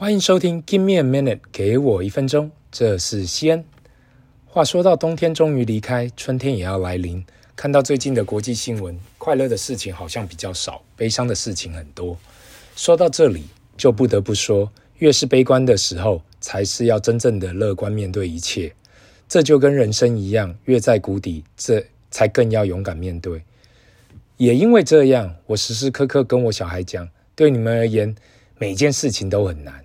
歡迎收聽 Give me a minute，給我一分鐘。這是西安。話說到冬天終於離開，春天也要來臨。看到最近的國際新聞，快樂的事情好像比較少，悲傷的事情很多。說到這裡，就不得不說，越是悲觀的時候，才是要真正的樂觀面對一切。這就跟人生一樣，越在谷底，這才更要勇敢面對。也因為這樣，我時時刻刻跟我小孩講，對你們而言，每件事情都很難。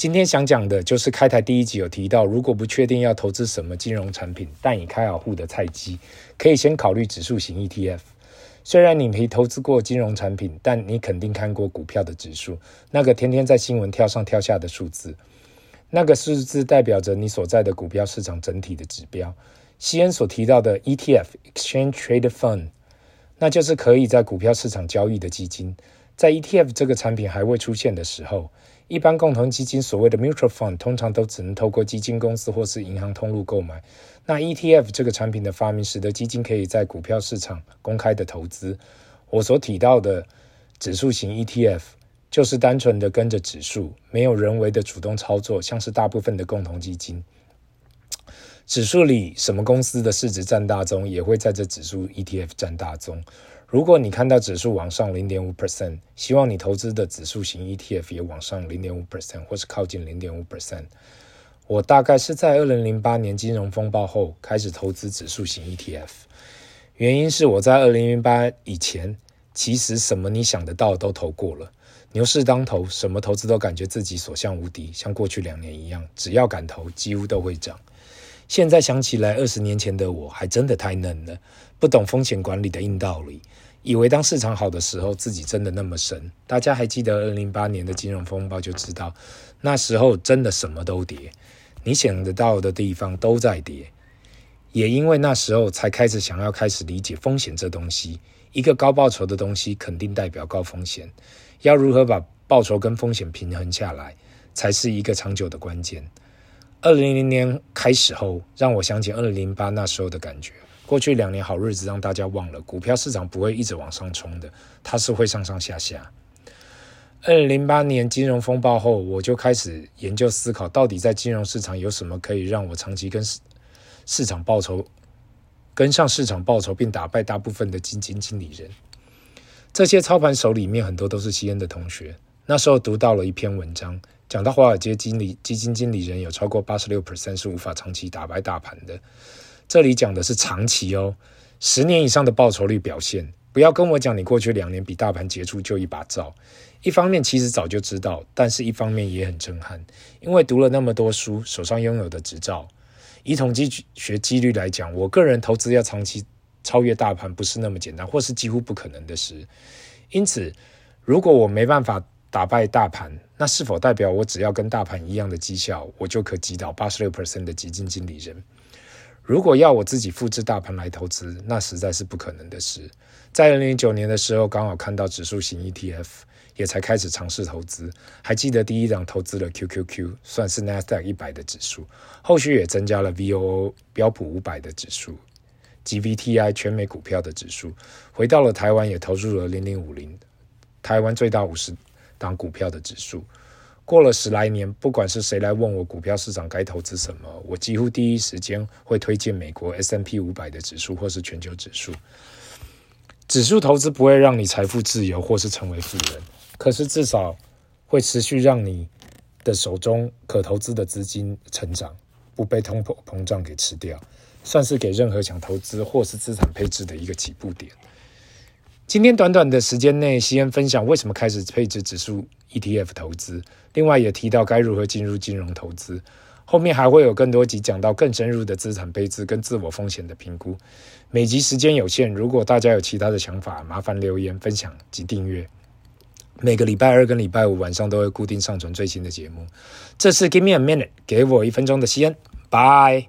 今天想講的就是開台第一集有提到，如果不確定要投資什麼金融產品，但已開好戶的菜雞，可以先考慮指數型 ETF。雖然你沒投資過金融產品，但你肯定看過股票的指數，那個天天在新聞跳上跳下的數字，那個數字代表着你所在的股票市場整體的指標。西恩所提到的 ETF（Exchange Trade Fund），那就是可以在股票市場交易的基金。在 ETF 這個產品還未出現的時候，一般共同基金，所謂的 mutual fund 通常，都只能透過基金公司或是銀行通路購買。那 ETF 這個產品的發明，使得基金可以在股票市場公開的投資。我所提到的指數型 ETF 就是單純的跟着指數，沒有人為的主動操作，像是大部分的共同基金。指數裡什麼公司的市值佔大宗，也會在這指數 ETF 佔大宗。如果你看到指數往上零點五 percent，希望你投資的指數型 ETF 也往上零點五 percent，或是靠近零點五 percent。我大概是在二零零八年金融風暴後開始投資指數型 ETF，原因是我在二零零八以前，其實什麼你想得到的都投過了。牛市當頭，什麼投資都感覺自己所向無敵，像過去兩年一樣，只要敢投，幾乎都會漲。現在想起來，二十年前的我還真的太嫩了，不懂風險管理的硬道理，以為當市場好的時候，自己真的那麼神。大家還記得二零零八年的金融風暴，就知道那時候真的什麼都跌，你想得到的地方都在跌。也因為那時候才開始想要開始理解風險這東西，一個高報酬的東西肯定代表高風險，要如何把報酬跟風險平衡下來，才是一個長久的關鍵。二零零零年開始後，讓我想起二零零八那時候的感覺。過去兩年好日子讓大家忘了，股票市場不會一直往上衝的，它是會上上下下。二零零八年金融風暴後，我就開始研究思考，到底在金融市場有什麼可以讓我長期跟市場報酬、跟上市場報酬，並打敗大部分的基金經理人。這些操盤手裡面很多都是西安的同學。那時候讀到了一篇文章。講到華爾街經理、基金經理人有超過八十六 percent 是無法長期打敗大盤的。這裡講的是長期哦，十年以上的報酬率表現。不要跟我講你過去兩年比大盤傑出就一把罩。一方面其實早就知道，但是一方面也很震撼，因為讀了那麼多書，手上擁有的執照，以統計學幾率來講，我個人投資要長期超越大盤不是那麼簡單，或是幾乎不可能的事。因此，如果我沒辦法。打敗大盤，那是否代表我只要跟大盤一樣的績效，我就可擊倒八十六 percent 的基金經理人？如果要我自己複製大盤來投資，那實在是不可能的事。在二零零九年的時候，剛好看到指數型 ETF，也才開始嘗試投資。還記得第一檔投資了 QQQ，算是納斯達克一百的指數，後續也增加了 VOO 標普五百的指數，及 VTI 全美股票的指數，回到了台灣也投入了零零五零，台灣最大五十。當股票的指數過了十來年，不管是誰來問我股票市場該投資什麼，我幾乎第一時間會推薦美國 S M P 五百的指數，或是全球指數。指數投資不會讓你財富自由或是成為富人，可是至少會持續讓你的手中可投資的資金成長，不被通貨膨脹給吃掉，算是給任何想投資或是資產配置的一個起步點。今天短短的時間內，西恩分享為什麼開始配置指數 ETF 投資，另外也提到該如何進入金融投資。後面還會有更多集講到更深入的資產配置跟自我風險的評估。每集時間有限，如果大家有其他的想法，麻煩留言分享及訂閱。每個禮拜二跟禮拜五晚上都會固定上傳最新的節目。這次 Give me a minute，給我一分鐘的西恩，拜。